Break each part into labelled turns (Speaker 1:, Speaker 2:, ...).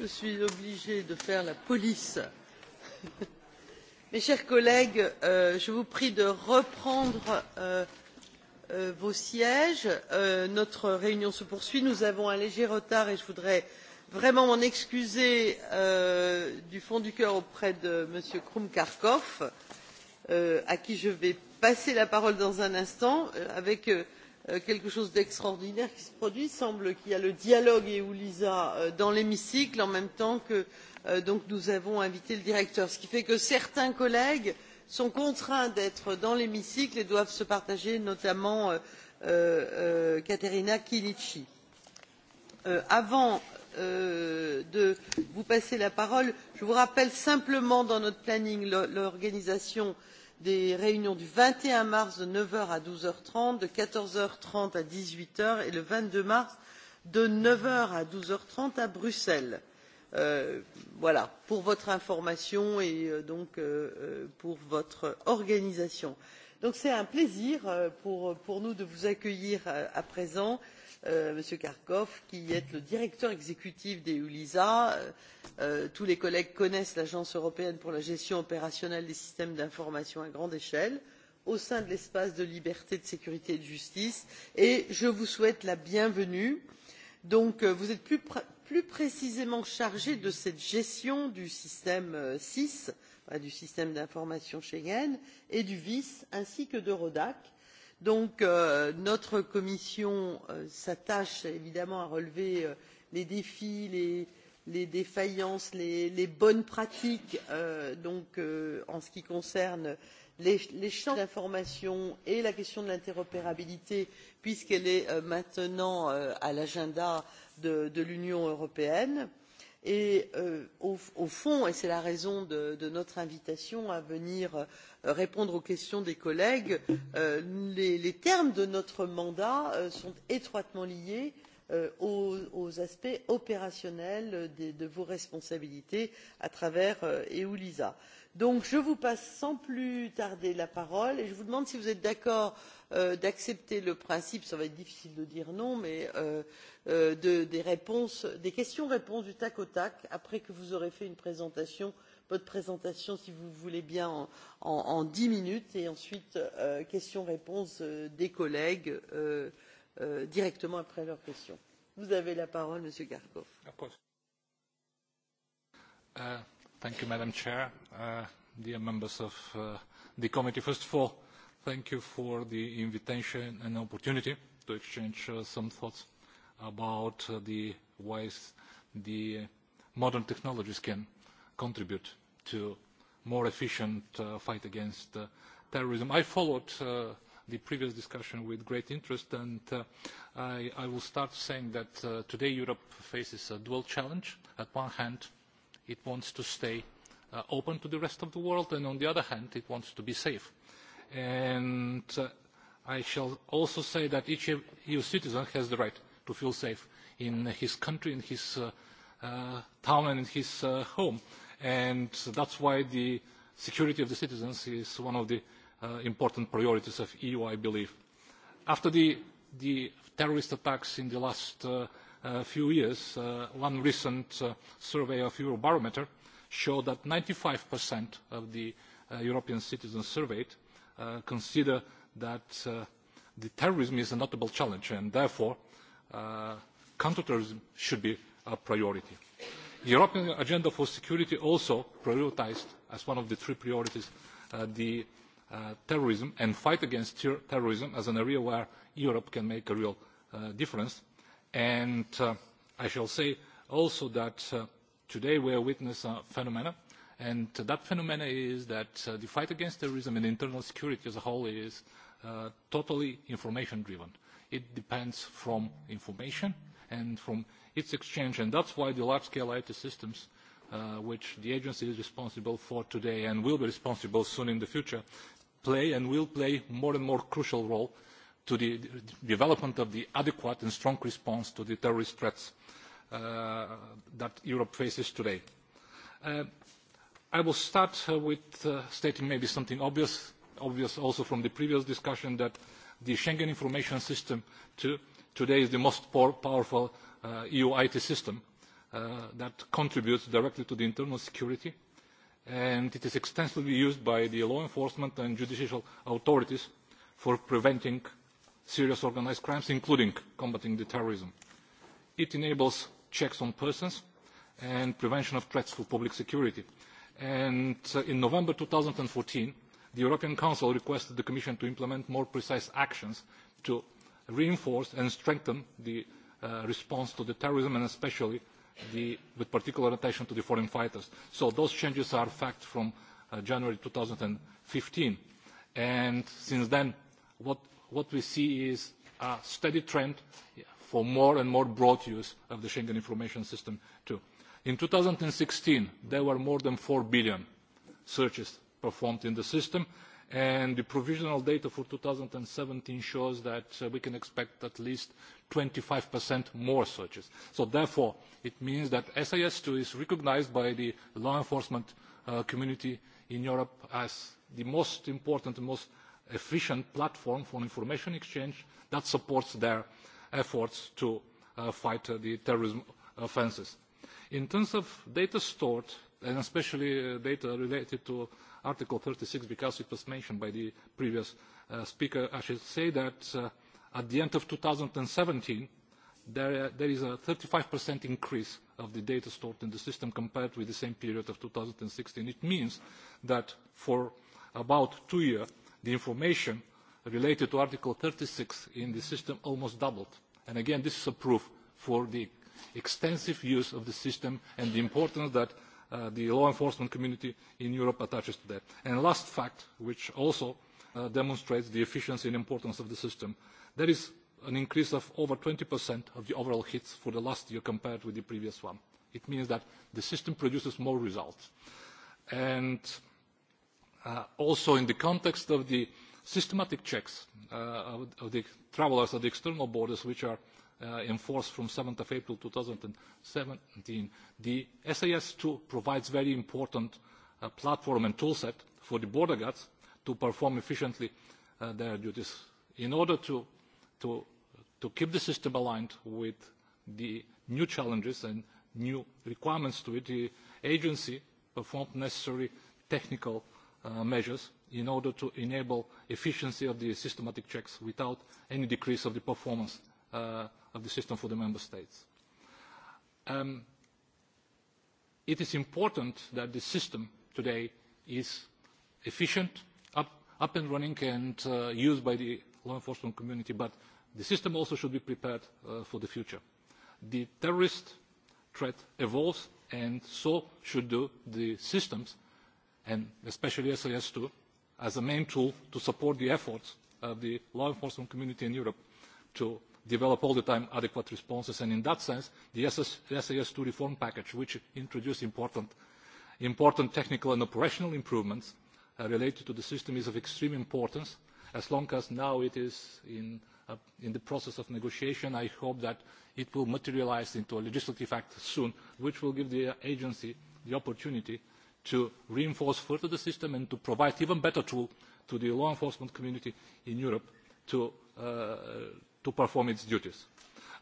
Speaker 1: je suis obligée de faire la police. mes chers collègues euh, je vous prie de reprendre euh, euh, vos sièges notre réunion se poursuit. nous avons un léger retard et je voudrais vraiment m'en excuser du fond du cœur auprès de m. krm kharkov à qui je vais passer la parole dans un instant avec Euh, quelque chose d'extraordinaire qui se produit il semble qu'il y a le dialogue et ulisa euh, dans l'hémicycle en même temps que euh, nous avons invité le directeur ce qui fait que certains collègues sont contraints d'être dans l'hémicycle et doivent se partager notamment euh, euh, kateina kinici. avant de vous passer la parole je vous rappelle simplement dans notre planning l'organisation des réunions du vingt et un mars de neuf h à douze h trente de quatorze h trente à dix huit h et le vingt deux mars de neuf h à douze h trente à bruxelles. Euh, voilà pour votre information et euh, donc euh, pour votre organisation donc c'est un plaisir euh, pour, nous de vous accueillir euh, à présent euh, monsieur karpov qui êtes le directeur exécutif d'eulisa. tous les collègues connaissent l'agence européenne pour la gestion opérationnelle des systèmes d'information à grande échelle au sein de l'espace de liberté de sécurité et de justice et je vous souhaite la bienvenue. vous êtes plus précisément chargé de cette gestion du système sis du système d'information schengen et du vis ainsi que d'eurodac. Euh, notre commission euh, s'attache évidemment à relever euh, les défis les, défaillances les, bonnes pratiques en ce qui concerne l'échange d'informations et la question de l'interopérabilité puisqu'elle est maintenant à l'agenda de, de l'union européenne et euh, au, fond et c'est la raison de, notre invitation à venir euh, répondre aux questions des collègues euh, les, termes de notre mandat sont étroitement liés aux, aspects opérationnels de vos responsabilités à travers eulisa donc je vous passe sans plus tarder la parole et je vous demande si vous êtes d'accord euh, d'accepter le principe cela va être difficile de dire non mais euh, euh, des, questions réponses du tac au tac après que vous aurez fait une présentation votre présentation si vous le voulez bien en dix minutes et ensuite questions réponses des collègues directement après leurs questions. vous avez la parole monsieur garkov.
Speaker 2: Madam president uh, dear members of uh, the committee, first of all, thank you for the invitation and opportunity to exchange uh, some thoughts about the ways the modern technologies can contribute to a more efficient fight against terrorism. I followed the previous discussion with great interest, and I, will start by saying that today Europe faces a dual challenge. on the one hand, it wants to stay uh, open to the rest of the world and on the other hand it wants to be safe. And uh, I shall also say that each EU e citizen has the right to feel safe in his country, in his uh, uh, town and in his uh, home. And that's why the security of the citizens is one of the uh, important priorities of EU, I believe. After the, the terrorist attacks in the last uh, Uh, few years, uh, one recent uh, survey of Eurobarometer showed that 95% of the European citizens surveyed consider that the terrorism is a notable challenge and therefore counterterrorism should be a priority. The European Agenda for Security also prioritised as one of the three priorities the terrorism and fight against terrorism as an area where Europe can make a real difference And uh, I shall say also that uh, today we are witness a phenomenon, and that phenomenon is that uh, the fight against terrorism and internal security as a whole is uh, totally information-driven. It depends from information and from its exchange, and that's why the large-scale IT systems uh, which the agency is responsible for today and will be responsible soon in the future play and will play more and more crucial role to the development of the adequate and strong response to the terrorist threats uh, that Europe faces today. Uh, I will start uh, with uh, stating maybe something obvious, obvious also from the previous discussion, that the Schengen Information System to, today is the most powerful uh, EU IT system uh, that contributes directly to the internal security, and it is extensively used by the law enforcement and judicial authorities for preventing serious organised crimes, including combating the terrorism. It enables checks on persons and prevention of threats to public security. And uh, in November 2014, the European Council requested the Commission to implement more precise actions to reinforce and strengthen the uh, response to the terrorism and especially the, with particular attention to the foreign fighters. So those changes are fact from uh, January 2015. And since then, what what we see is a steady trend for more and more broad use of the Schengen Information System too. In 2016, there were more than 4 billion searches performed in the system, and the provisional data for 2017 shows that uh, we can expect at least 25% more searches. So therefore, it means that SIS2 is recognized by the law enforcement uh, community in Europe as the most important most efficient platform for information exchange that supports their efforts to uh, fight uh, the terrorism offences. In terms of data stored, and especially uh, data related to Article 36, because it was mentioned by the previous uh, speaker, I should say that uh, at the end of 2017, there, uh, there is a 35% increase of the data stored in the system compared with the same period of 2016. It means that for about two years, the information related to Article 36 in the system almost doubled. And again, this is a proof for the extensive use of the system and the importance that uh, the law enforcement community in Europe attaches to that. And last fact, which also uh, demonstrates the efficiency and importance of the system, there is an increase of over 20% of the overall hits for the last year compared with the previous one. It means that the system produces more results. And Uh, also in the context of the systematic checks uh, of, of the travellers at the external borders, which are uh, enforced from 7th of April 2017, the SAS2 provides very important uh, platform and toolset for the border guards to perform efficiently uh, their duties in order to, to, to keep the system aligned with the new challenges and new requirements to it. The agency performed necessary technical uh, Uh, measures in order to enable efficiency of the systematic checks without any decrease of the performance uh, of the system for the member states. Um, it is important that the system today is efficient, up, up and running and uh, used by the law enforcement community, but the system also should be prepared uh, for the future. The terrorist threat evolves and so should do the systems and especially sis ii as a main tool to support the efforts of the law enforcement community in europe to develop all the time adequate responses and in that sense the sis ii reform package which introduced important, important technical and operational improvements uh, related to the system is of extreme importance as long as now it is in, uh, in the process of negotiation i hope that it will materialise into a legislative act soon which will give the agency the opportunity to reinforce further the system and to provide even better tool to the law enforcement community in Europe to, uh, to perform its duties.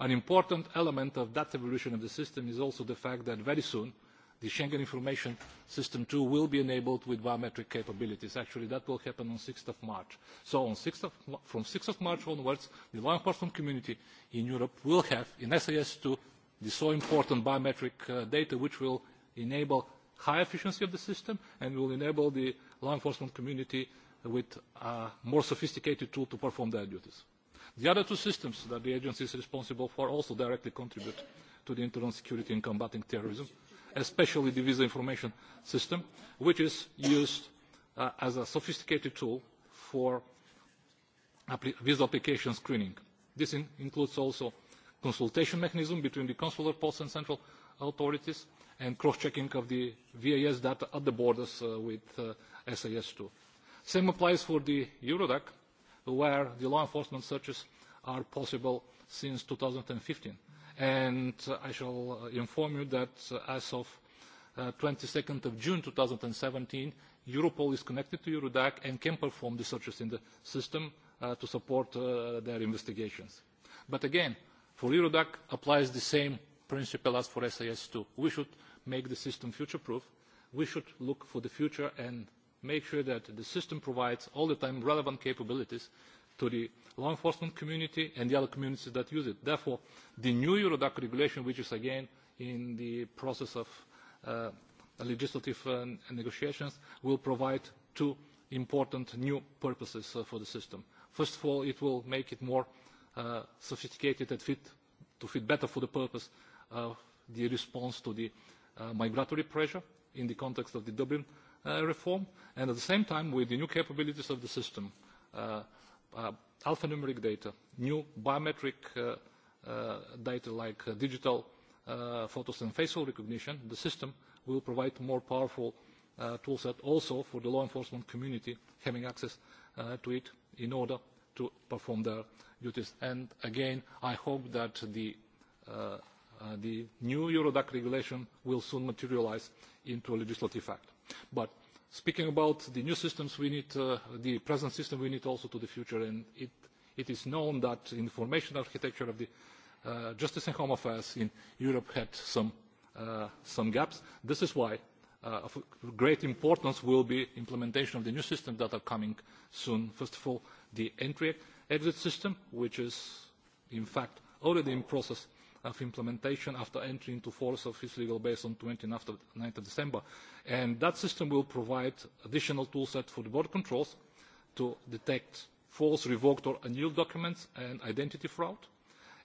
Speaker 2: An important element of that evolution of the system is also the fact that very soon the Schengen Information System 2 will be enabled with biometric capabilities. Actually, that will happen on 6th of March. So on 6th of, from 6th of March onwards, the law enforcement community in Europe will have in SAS2 the so important biometric uh, data which will enable high efficiency of the system and will enable the law enforcement community with a more sophisticated tool to perform their duties. The other two systems that the agency is responsible for also directly contribute to the internal security in combating terrorism, especially the visa information system, which is used uh, as a sophisticated tool for visa application screening. This in includes also consultation mechanism between the consular posts and central authorities, and cross-checking of the VAS data at the borders uh, with uh, SAS2. Same applies for the Eurodac, where the law enforcement searches are possible since 2015. And uh, I shall uh, inform you that uh, as of uh, 22nd of June 2017, Europol is connected to Eurodac and can perform the searches in the system uh, to support uh, their investigations. But again, For Eurodac applies the same principle as for SAS2. We should make the system future-proof. We should look for the future and make sure that the system provides all the time relevant capabilities to the law enforcement community and the other communities that use it. Therefore, the new Eurodac regulation, which is again in the process of uh, legislative uh, negotiations, will provide two important new purposes uh, for the system. First of all, it will make it more Uh, sophisticated and fit to fit better for the purpose of the response to the uh, migratory pressure in the context of the Dublin uh, reform, and at the same time with the new capabilities of the system, uh, uh, alphanumeric data, new biometric uh, uh, data like uh, digital uh, photos and facial recognition, the system will provide more powerful uh, toolset also for the law enforcement community having access uh, to it in order to perform their duties. And again, I hope that the, uh, uh, the new Eurodac regulation will soon materialize into a legislative act. But speaking about the new systems we need, uh, the present system we need also to the future, and it, it is known that information architecture of the uh, Justice and Home Affairs in Europe had some, uh, some gaps. This is why Uh, of great importance will be implementation of the new systems that are coming soon. First of all, the entry exit system which is in fact already in process of implementation after entry into force of its legal base on 29th December. And that system will provide additional toolset for the border controls to detect false, revoked or annulled documents and identity fraud.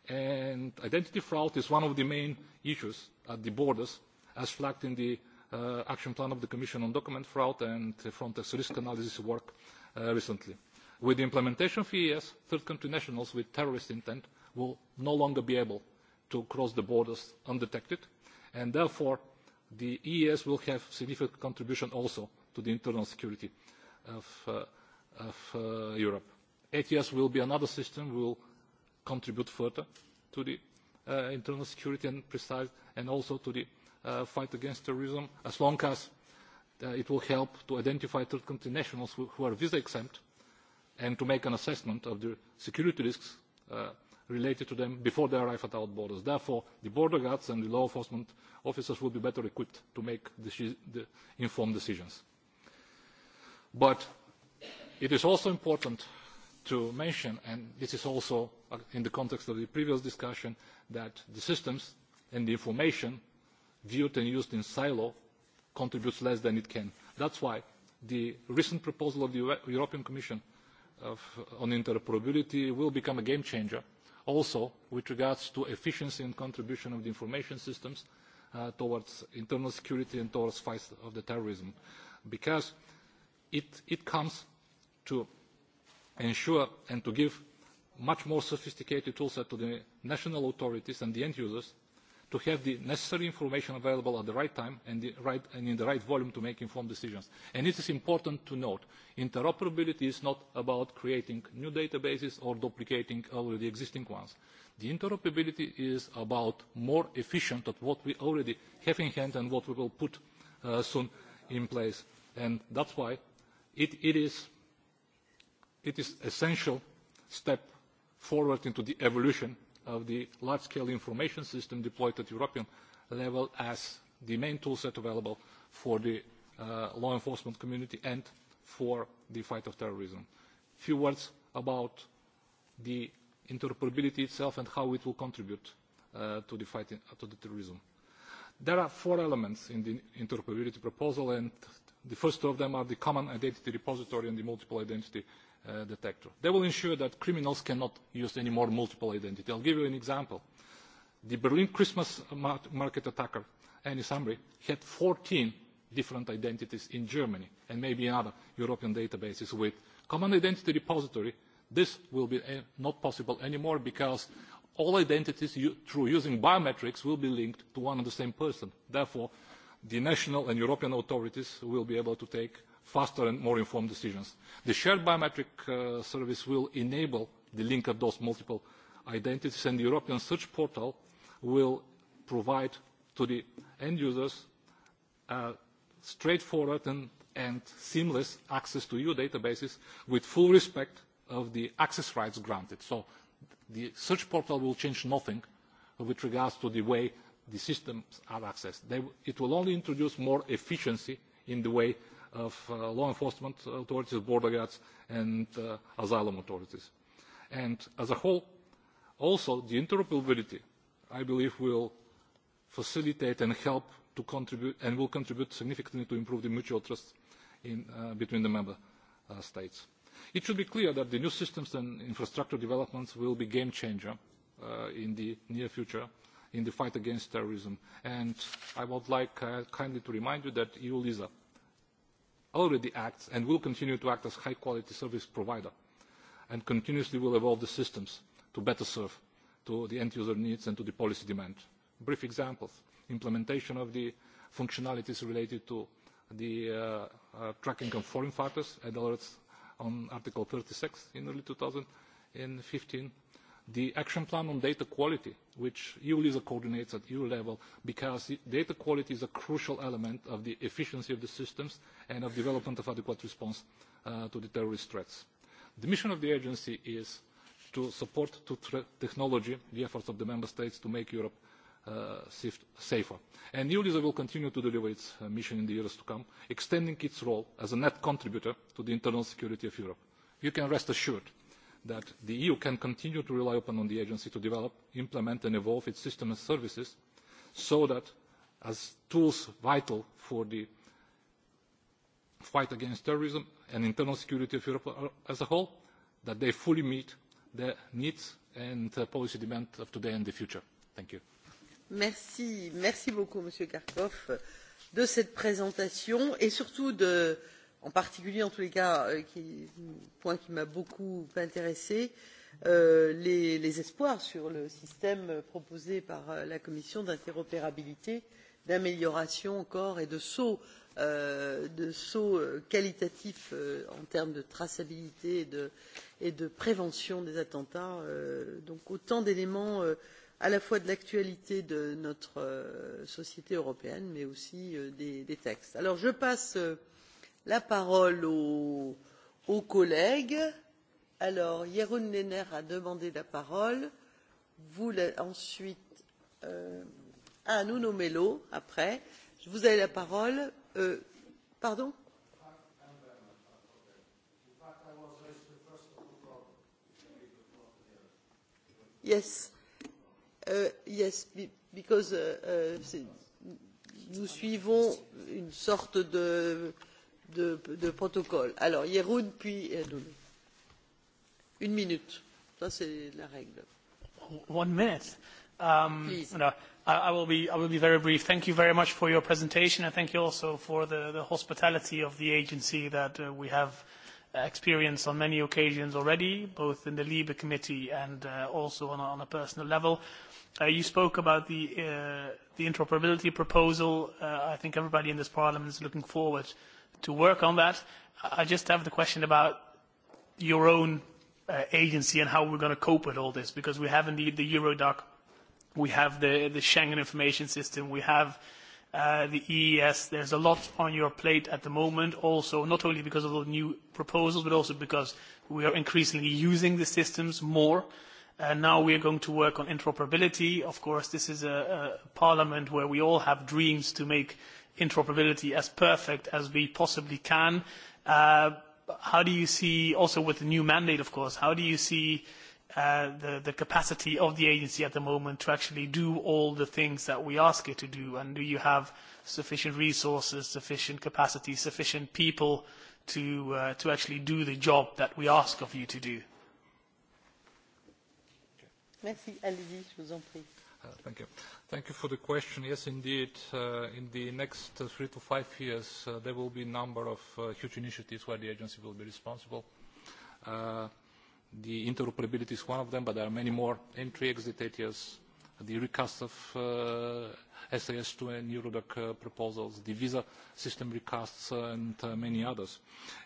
Speaker 2: And identity fraud is one of the main issues at the borders as flagged in the uh, action plan of the Commission on document fraud and Frontex risk analysis work uh, recently. With the implementation of EES, third country nationals with terrorist intent will no longer be able to cross the borders undetected, and therefore the EES will have significant contribution also to the internal security of, uh, of uh, Europe. ATS e will be another system will contribute further to the uh, internal security and precise and also to the uh, fight against terrorism as long as uh, it will help to identify third country nationals who, who are visa exempt and to make an assessment of the security risks uh, related to them before they arrive at our borders. Therefore, the border guards and the law enforcement officers will be better equipped to make informed decisions. But it is also important to mention, and this is also uh, in the context of the previous discussion, that the systems and the information viewed and used in silo contributes less than it can. That's why the recent proposal of the e, European Commission on interoperability will become a game changer also with regards to efficiency and contribution of the information systems uh, towards internal security and towards fight of the terrorism because it, it comes to ensure and to give much more sophisticated tools to the national authorities and the end users to have the necessary information available at the right time and, the right, and in the right volume to make informed decisions. And it is important to note, interoperability is not about creating new databases or duplicating already existing ones. The interoperability is about more efficient at what we already have in hand and what we will put uh, soon in place. And that's why it, it, is, it is essential step forward into the evolution of the large-scale information system deployed at European level as the main tool set available for the uh, law enforcement community and for the fight of terrorism. A few words about the interoperability itself and how it will contribute uh, to the fight in, uh, to the terrorism. There are four elements in the interoperability proposal, and the first two of them are the common identity repository and the multiple identity uh, uh, detector. They will ensure that criminals cannot use any more multiple identity. I'll give you an example. The Berlin Christmas market attacker, Annie Samri, had 14 different identities in Germany and maybe in other European databases with common identity repository. This will be uh, not possible anymore because all identities through using biometrics will be linked to one and the same person. Therefore, the national and European authorities will be able to take faster and more informed decisions. The shared biometric uh, service will enable the link of those multiple identities, and the European Search Portal will provide to the end users a straightforward and, and seamless access to EU databases with full respect of the access rights granted. So the Search Portal will change nothing with regards to the way the systems are accessed. They, it will only introduce more efficiency in the way of uh, law enforcement authorities, border guards, and uh, asylum authorities. And as a whole, also the interoperability, I believe, will facilitate and help to contribute and will contribute significantly to improve the mutual trust in, uh, between the member uh, states. It should be clear that the new systems and infrastructure developments will be game changer uh, in the near future in the fight against terrorism. And I would like uh, kindly to remind you that EU-LISA already acts and will continue to act as a high quality service provider and continuously will evolve the systems to better serve to the end user needs and to the policy demand. Brief examples, implementation of the functionalities related to the uh, uh, tracking of foreign fighters and alerts on Article 36 in early 2015, the action plan on data quality, which EULISA coordinates at EU level, because data quality is a crucial element of the efficiency of the systems and of development of adequate response uh, to the terrorist threats. The mission of the agency is to support to technology the efforts of the member states to make Europe uh, safer. And EULISA will continue to deliver its uh, mission in the years to come, extending its role as a net contributor to the internal security of Europe. You can rest assured that the eu can continue to rely upon the agency to develop implement and evolve its system and services so that as tools vital for the fight against terrorism and internal security of europe as a whole that they fully meet the needs and uh, policy demands of today and the future. thank you.
Speaker 1: merci, merci beaucoup monsieur karpov de cette présentation et surtout de en particulier en tous les cas euh, point qui m'a beaucoup intéressée euh, les, espoirs sur le système proposé par euh, la commission d'interopérabilité d'amélioration encore et de saut euh, qualitatif en termes de traçabilité et de, prévention des attentats donc autant d'éléments à la fois de l'actualité de notre société européenne mais aussi des, des textes. alors je passe maintenant la parole aux, collègue. collègues. Alors, Jeroen Lenner a demandé la parole. Vous la, ensuite, euh, ah, Nuno Melo, après. Vous avez la parole. Euh, pardon Yes. Uh, yes, because uh, uh, nous suivons une sorte de de, protocole. alors yeroun puis edun.
Speaker 3: une minute
Speaker 1: ça c'est la règle.
Speaker 3: one minute. Um, Please. No, I, will be, I will be very brief. Thank you very much for your presentation and thank you also for the, the hospitality of the agency that uh, we have uh, experience on many occasions already, both in the LIBE committee and uh, also on a, on a personal level. Uh, you spoke about the, uh, the interoperability proposal. Uh, I think everybody in this parliament is looking forward to work on that. I just have the question about your own uh, agency and how we're going to cope with all this, because we have indeed the Eurodoc, we have the, the Schengen Information System, we have uh, the EES. There's a lot on your plate at the moment, also not only because of the new proposals, but also because we are increasingly using the systems more. And Uh, now we are going to work on interoperability. Of course, this is a, a parliament where we all have dreams to make interoperability as perfect as we possibly can. Uh, how do you see, also with the new mandate, of course, how do you see uh, the, the capacity of the agency at the moment to actually do all the things that we ask it to do? And do you have sufficient resources, sufficient capacity, sufficient people to, uh, to actually do the job that we ask
Speaker 2: of you to do?
Speaker 1: Merci, allez-y, je vous en prie.
Speaker 2: Uh, thank you. Thank you for the question. Yes, indeed, uh, in the next uh, three to five years, uh, there will be a number of uh, huge initiatives where the agency will be responsible. Uh, the interoperability is one of them, but there are many more entry exit ATS, the recast of uh, SAS2 and Eurodac uh, proposals, the visa system recasts, uh, and uh, many others.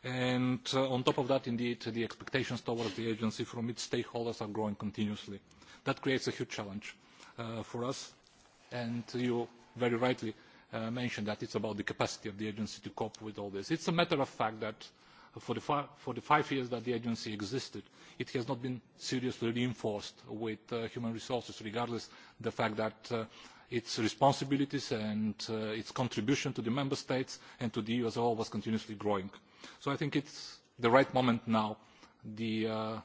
Speaker 2: And uh, on top of that, indeed, the expectations towards the agency from its stakeholders are growing continuously. That creates a huge challenge Uh, for us. And you very rightly uh, mentioned that it's about the capacity of the agency to cope with all this. It's a matter of fact that for the, for the five years that the agency existed, it has not been seriously reinforced with uh, human resources, regardless the fact that its responsibilities and uh, its contribution to the member states and to the eu as a whole was continuously growing. so i think it is the right moment now for the uh,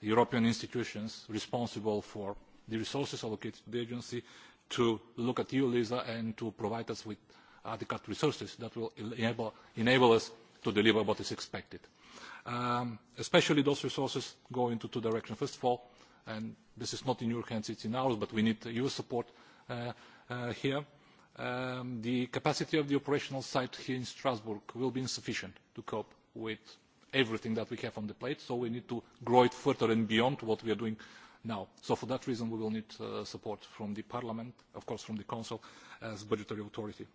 Speaker 2: european institutions responsible for the resources allocated to the agency to look at Lisa, and to provide us with adequate resources that will enable, enable us to deliver what is expected. Um, especially those resources go into two directions. First of all, and this is not in your hands, it's in ours, but we need your support uh, uh, here. Um, the capacity of the operational site here in Strasbourg will be insufficient to cope with everything that we have on the plate, so we need to grow it further and beyond what we are doing now. So for that reason, we will need uh, support from the Parliament, of course from the Council as budgetary authority.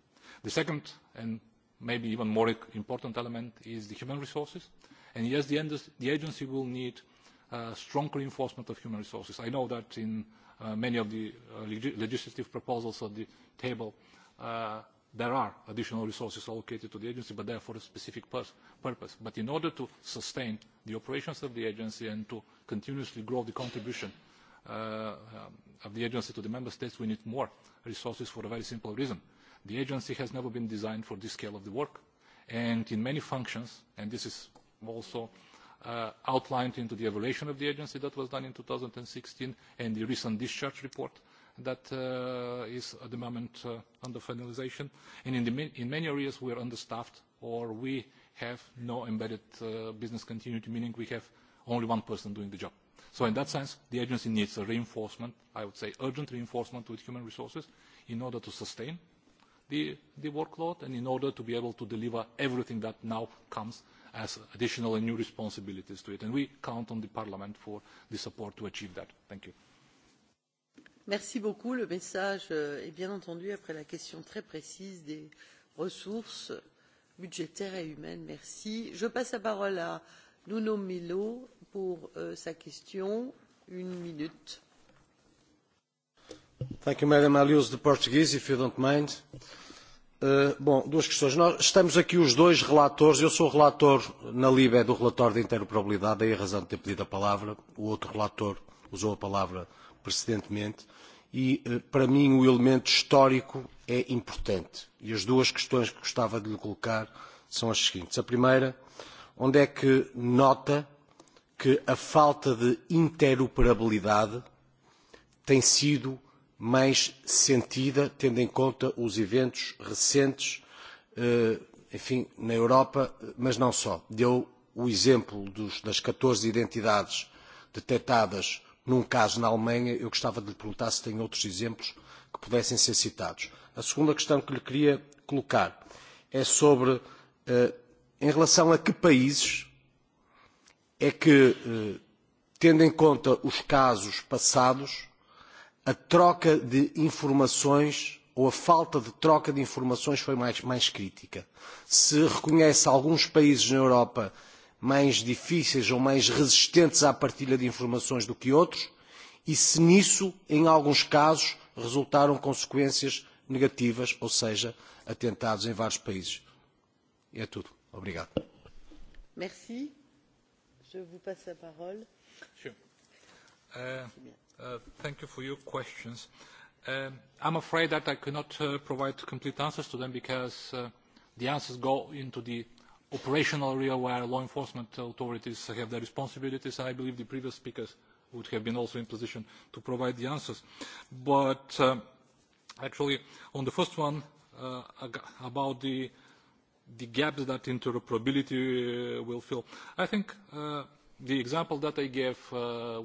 Speaker 2: The second and maybe even more important element is the human resources. And yes, the, end the agency will need uh, strong reinforcement of human resources. I know that in uh, many of the uh, leg legislative proposals on the table, uh, there are additional resources allocated to the agency, but they are for a specific pur purpose. But in order to sustain the operations of the agency and to continuously grow the contribution uh, um, of the agency to the member states, we need more resources for a very simple reason. The agency has never been designed for this scale of the work, and in many functions, and this is also uh, outlined into the evaluation of the agency that was done in 2016 and the recent discharge report that uh, is at the moment uh, under finalization. And in, the, in many areas, we are understaffed or we have no embedded uh, business continuity, meaning we have only one person doing the job. So in that sense, the agency needs a reinforcement, I would say urgent reinforcement with human resources in order to sustain the, the workload and in order to be able to deliver everything that now comes as additional and new responsibilities to it. And we count on the Parliament for the support to achieve that. Thank you.
Speaker 1: Merci beaucoup. Le message euh, est bien entendu après la question très précise des ressources budgétaire et humaine. Merci. Je passe la parole à Nuno Melo pour euh, sa question. Une minute.
Speaker 4: Thank you, Madam. I'll de the Portuguese, if you don't mind. Uh, bom, duas questões. Nós estamos aqui os dois relatores. Eu sou relator na LIBE do relatório de interoperabilidade, daí a razão de ter pedido a palavra. O outro relator usou a palavra precedentemente e, eh, para mim, o elemento histórico é importante. E as duas questões que gostava de lhe colocar são as seguintes. A primeira, onde é que nota que a falta de interoperabilidade tem sido mais sentida, tendo em conta os eventos recentes, eh, enfim, na Europa, mas não só. Deu o exemplo dos, das 14 identidades detectadas num caso na Alemanha, eu gostava de lhe perguntar se tem outros exemplos que pudessem ser citados. A segunda questão que lhe queria colocar é sobre eh, em relação a que países é que, eh, tendo em conta os casos passados, a troca de informações ou a falta de troca de informações foi mais, mais crítica. Se reconhece alguns países na Europa mais difíceis ou mais resistentes à partilha de informações do que outros, e se nisso, em alguns casos, resultaram consequências negativas, ou seja, atentados em vários países.
Speaker 2: E é tudo. Obrigado.
Speaker 1: Merci. Je vous passe la parole. Sure.
Speaker 2: Uh, uh, thank you for your questions. Uh, I'm afraid that I cannot uh, provide complete answers to them because uh, the answers go into the operational area where law enforcement authorities have their responsibilities. I believe the previous speakers would have been also in position to provide the answers. But um, actually, on the first one, uh, about the, the gaps that interoperability uh, will fill, I think uh, the example that I gave uh,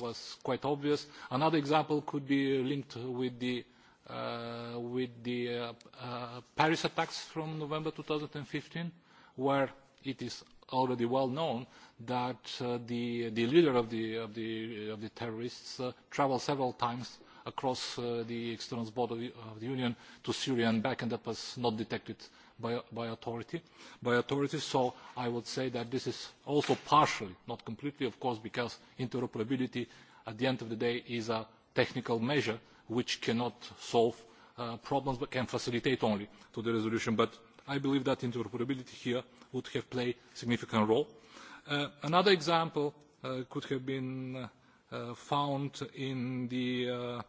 Speaker 2: was quite obvious. Another example could be linked with the uh, with the uh, uh, Paris attacks from November 2015, where it is already well known that uh, the, the leader of the, of the, of the terrorists uh, traveled several times across uh, the external border of the Union to Syria and back, and that was not detected by, by, authority, by authorities. So I would say that this is also partially, not completely, of course, because interoperability at the end of the day is a technical measure which cannot solve uh, problems but can facilitate only to the resolution. But I believe that interoperability here would have played a significant role. Uh, another example uh, could have been uh, found in the, uh,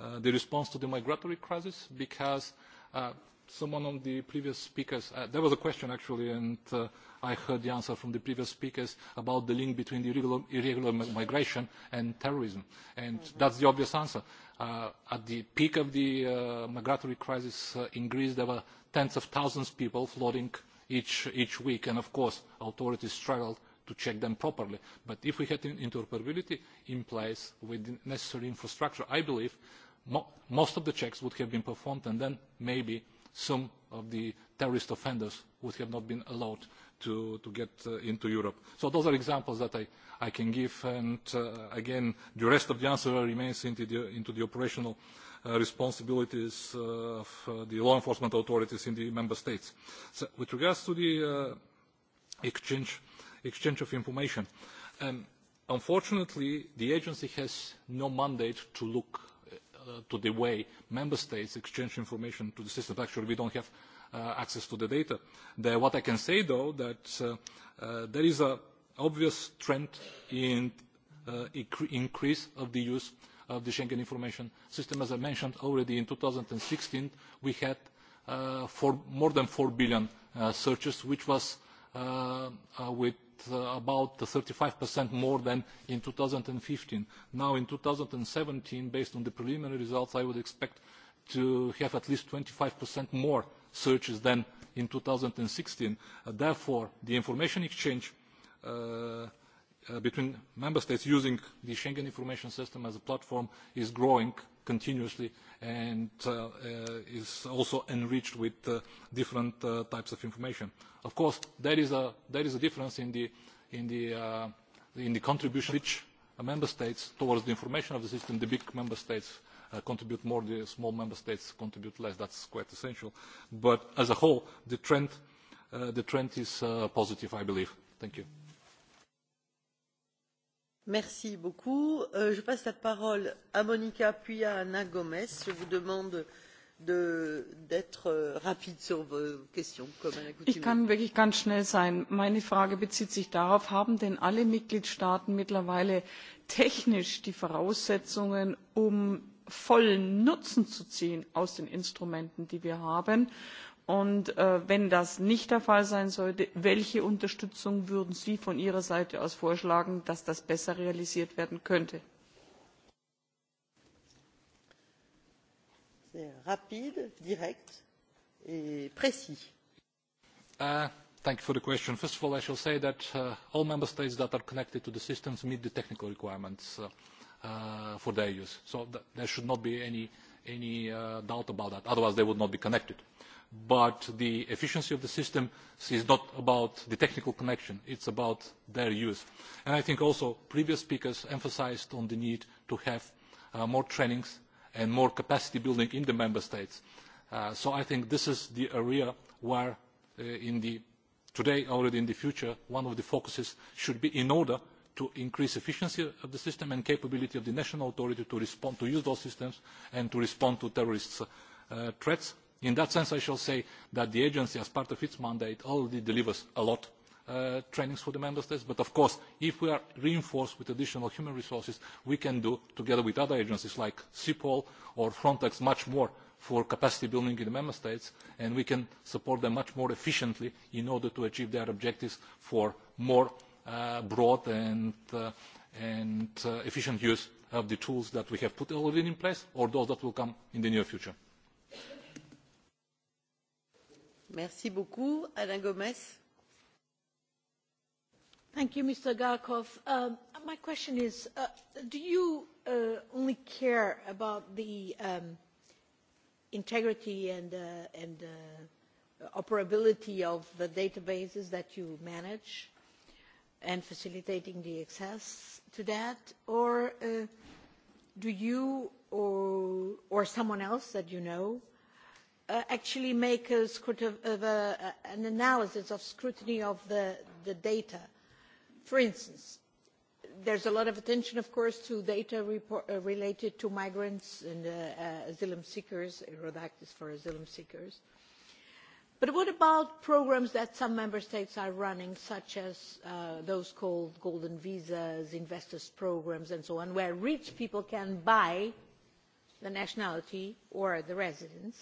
Speaker 2: uh, the response to the migratory crisis because uh, some one of the previous speakers, uh, there was a question actually, and uh, I heard the answer from the previous speakers about the link between the irregular, irregular migration and terrorism. And mm -hmm. that's the obvious answer. Uh, at the peak of the uh, migratory crisis uh, in Greece, there were tens of thousands of people flooding each, each week. And of course, authorities struggled to check them properly. But if we had interoperability in place with the necessary infrastructure, I believe mo most of the checks would have been performed and then maybe uh, some of the terrorist offenders would have not been allowed to, to get uh, into Europe. So those are examples that I, I can give. And uh, again, the rest of the answer remains into the, into the operational uh, responsibilities uh, of uh, the law enforcement authorities in the member states. So with regards to the uh, exchange, exchange of information, um, unfortunately, the agency has no mandate to look Uh, to the way member states exchange information to the system. Actually, we don't have uh, access to the data. The, what I can say, though, that uh, there is an obvious trend in increase of the use of the Schengen information system. As I mentioned already, in 2016, we had uh, four, more than 4 billion uh, searches, which was uh, with Uh, about 35% more than in 2015. Now, in 2017, based on the preliminary results, I would expect to have at least 25% more searches than in 2016. Uh, therefore, the information exchange uh, between member states using the Schengen Information System as a platform is growing continuously and uh, uh, is also enriched with uh, different uh, types of information. Of course, there is a, there is a difference in the, in the, uh, in the contribution which member states towards the information of the system, the big member states uh, contribute more, the small member states contribute less. That's quite essential. But as a whole, the trend, uh, the trend is uh, positive, I believe. Thank you.
Speaker 1: Euh, je passe la parole à Monica puis à Je vous demande d'être euh, rapide sur vos questions, comme à l'accoutumée. Ich kann wirklich ganz schnell sein. Meine Frage bezieht sich darauf, haben denn alle Mitgliedstaaten mittlerweile technisch die Voraussetzungen, um vollen Nutzen zu ziehen aus den Instrumenten, die wir haben? und äh, wenn das nicht der fall sein sollte welche unterstützung würden sie von ihrer seite aus vorschlagen damit das besser realisiert werden könnte? Rapide, uh,
Speaker 2: first of all i shall say that uh, all member states that are connected to the systems meet the technical requirements uh, for their use so there should not be any doubt about that otherwise they would not be connected but the efficiency of the system is not about the technical connection it is about their use. i think also previous speakers emphasised the need to have uh, more training and more capacity building in the member states. Uh, so i think this is the area where uh, in today already in the future one of the focuses should be in order to increase the efficiency of the system and the capability of the national authority to respond to use those systems and to respond to terrorist uh, threats In that sense, I shall say that the agency, as part of its mandate, already delivers a lot of uh, trainings for the member states. But of course, if we are reinforced with additional human resources, we can do, together with other agencies like CEPOL or Frontex, much more for capacity building in the member states, and we can support them much more efficiently in order to achieve their objectives for more uh, broad and, uh, efficient use of the tools that we have put already in place or those that will come in the near future.
Speaker 1: Mr.
Speaker 5: Garkov. Um, my question is, uh, do you uh, only care about the um, integrity and, uh, operability of the databases that you manage and facilitating the access to that, or do you or someone else that you know Uh, actually make an analysis of scrutiny of the, data. For instance, there is a lot of attention, of course, to data uh, related to migrants and uh, asylum seekers, is for asylum seekers. But what about programmes that some member states are running, such as uh, those called golden visas, investors programmes and so on, where rich people can buy the nationality or the residence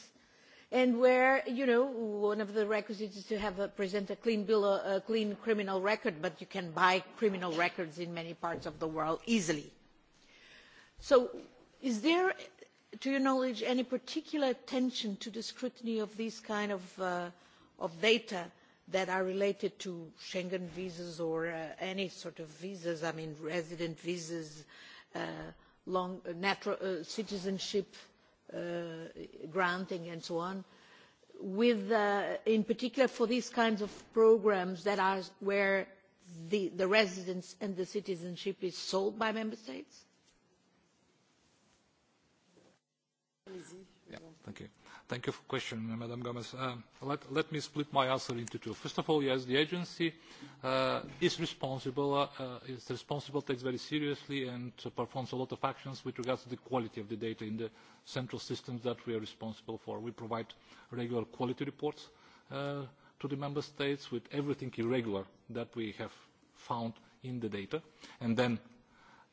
Speaker 5: and where you know one of the requisites is to have a, present a clean bill a clean criminal record but you can buy criminal records in many parts of the world easily so is there to your knowledge any particular attention to the scrutiny of these kind of, uh, of data that are related to schengen visas or uh, any sort of visas i mean resident visas uh, long uh, natural uh, citizenship Uh, granting and so on, uh, in particular for these kinds of programmes that are where the, residence and the citizenship is sold by member states?
Speaker 2: thank you. Thank you for the question, Madam Gomez. Um, let, let me split my answer into two. First of all, yes, the agency uh, is responsible, uh, is responsible, takes very seriously and performs a lot of actions with regards to the quality of the data in the central systems that we are responsible for. We provide regular quality reports uh, to the member states with everything irregular that we have found in the data. And then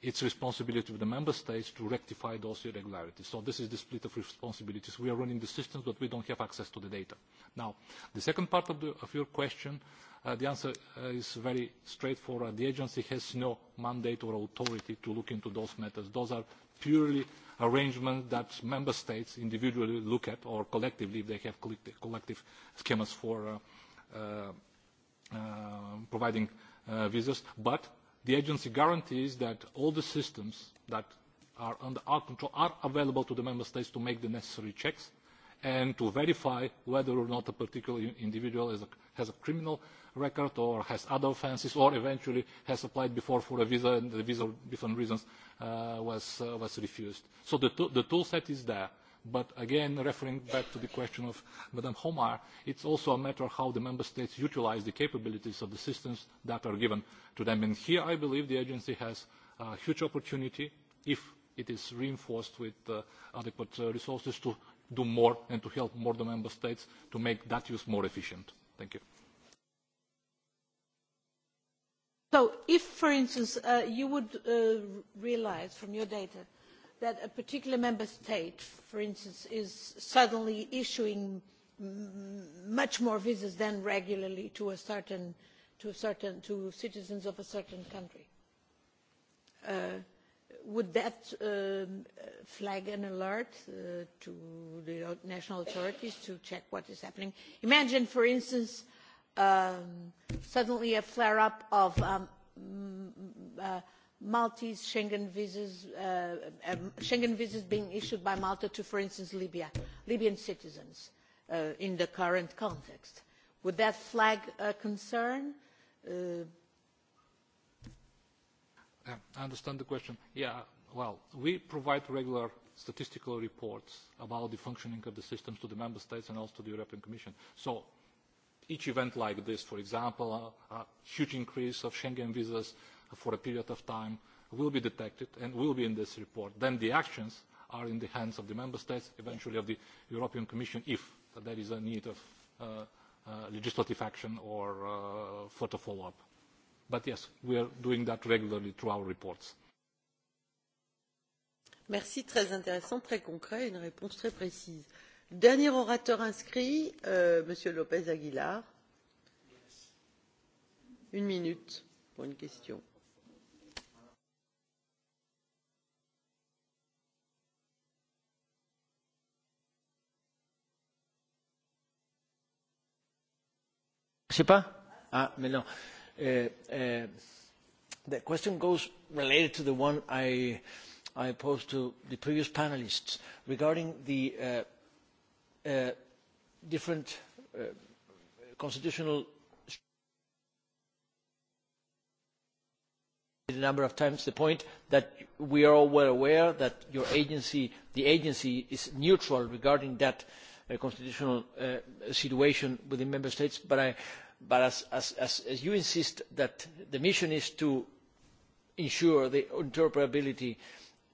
Speaker 2: it's responsibility of the member states to rectify those irregularities. So this is the split of responsibilities. We are running the systems, but we don't have access to the data. Now, the second part of, the, of your question, uh, the answer uh, is very straightforward. The agency has no mandate or authority to look into those matters. Those are purely arrangements that member states individually look at or collectively if they have collective schemas for uh, uh, uh, providing uh, visas. But the agency guarantees that all the systems that are under our control are available to the member states to make the necessary checks and to verify whether or not a particular individual a, has a criminal record or has other offences or eventually has applied before for a visa and the visa for different reasons uh, was, uh, was refused. So the, the tool set is there But again, referring back to the question of Madam Homar, it's also a matter of how the member states utilize the capabilities of the systems that are given to them. And here I believe the agency has a huge opportunity, if it is reinforced with uh, adequate uh, resources, to do more and to help more the member states to make that use more efficient. Thank you.
Speaker 5: So if, for instance, uh, you would uh, realize from your data that a particular member state, for instance, is suddenly issuing much more visas than regularly to a certain to a certain to citizens of a certain country. Uh, would that um, flag an alert uh, to the national authorities to check what is happening? Imagine, for instance, um, suddenly a flare-up of um, uh, maltese schengen visas, uh, um, schengen visas being issued by malta to for instance libya libyan citizens uh, in the current context would that flag a concern? Uh...
Speaker 2: Yeah, i understand the question. yeah well we provide regular statistical reports about the functioning of the systems to the member states and also to the european commission so each event like this for example a, a huge increase of schengen visas for a period of time will be detected and will be in this report. Then the actions are in the hands of the Member States, eventually of the European Commission, if there is a need of uh, uh, legislative action or uh, further follow-up. But yes, we are doing that regularly through our reports.
Speaker 1: Merci, très intéressant, très concret, une réponse très précise. Dernier orateur inscrit, euh, Monsieur Lopez Aguilar. Une minute pour une question.
Speaker 6: Je sais pas. Ah, mais non. Eh, eh, the question goes related to the one I, I posed to the previous panelists regarding the uh, uh, different uh, constitutional a number of times the point that we are all well aware that your agency, the agency is neutral regarding that constitutional situation within member states, but I, but as, you insist that the mission is to ensure the interoperability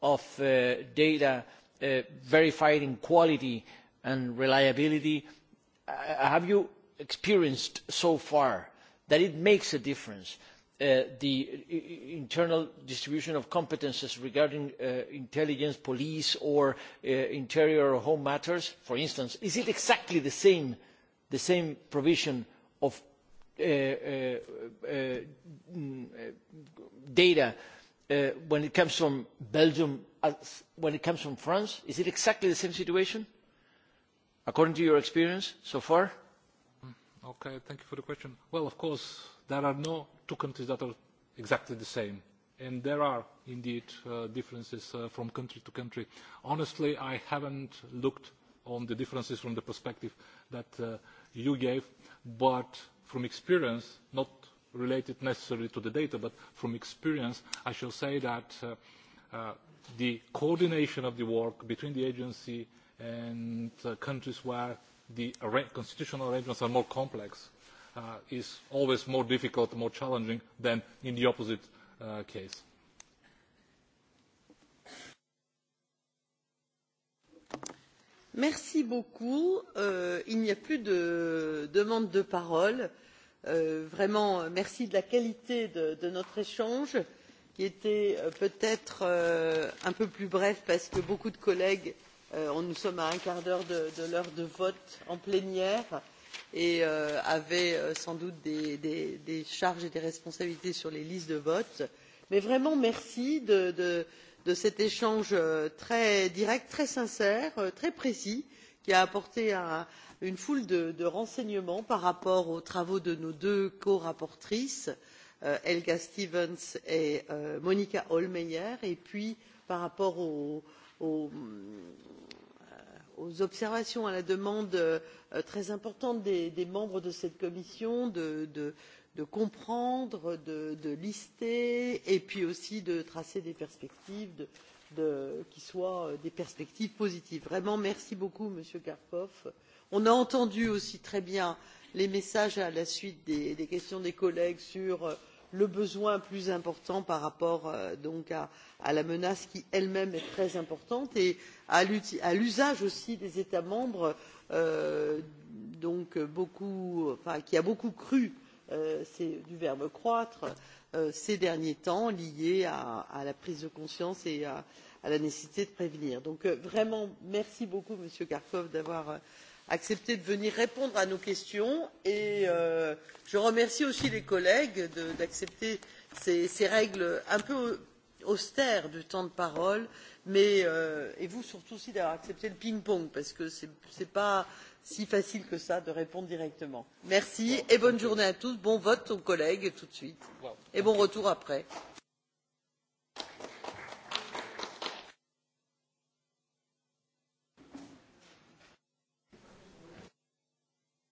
Speaker 6: of uh, data uh, verified in quality and reliability, uh, have you experienced so far that it makes a difference? Uh, the internal distribution of competences regarding intelligence, police or interior or home matters, for instance, is it exactly the same, the same provision of Uh, uh, uh, mm, data when it comes from Belgium as when it comes from France? Is it exactly the same situation, according to your experience so far?
Speaker 2: Mm, okay, thank you for the question. Well, of course, there are no two countries that are exactly the same. And there are indeed uh, differences uh, from country to country. Honestly, I haven't looked on the differences from the perspective that uh, you gave, but from experience, not related necessarily to the data, but from experience, I shall say that uh, uh, the coordination of the work between the agency and uh, countries where the constitutional arrangements are more complex uh, is always more difficult, more challenging than in the opposite uh, case.
Speaker 1: Merci beaucoup. Euh, il n'y a plus de demande de parole Euh, vraiment euh, merci de la qualité de, notre échange qui était euh, peut être un peu plus bref parce que beaucoup de collègues nous sommes à un quart d'heure de, l'heure de vote en plénière et avaient sans doute des, charges et des responsabilités sur les listes de vote mais vraiment merci de, de cet échange très direct très sincère très précis qui a apporté un, une foule de, renseignements par rapport aux travaux de nos deux corapporteures euh, helga stevens et euh, monika hohlmeier et puis par rapport aux, euh, observations à la demande très importante des, membres de cette commission de, comprendre de, lister et puis aussi de tracer des perspectives qui soient des perspectives positives. vraiment merci beaucoup monsieur karpov on a entendu aussi très bien les messages à la suite des, questions des collègues sur euh, le besoin plus important par rapport euh, donc à, la menace qui elle même est très importante et à l'usage aussi des états membres euh, qui a beaucoup cru c'est du verbe croître ces derniers temps lié à, la prise de conscience et à, à la nécessité de prévenir. donc vraiment merci beaucoup monsieur karpov d'avoir accepté de venir répondre à nos questions et euh, je remercie aussi les collègues d'accepter ces, règles un peu austères du temps de parole euh, et vous surtout aussi d'avoir accepté le ping pong parce que ce n'est pas si facile que ça de répondre directement. merci et bonne journée à tous bon vote aux collègues tout de suite et bon retour après.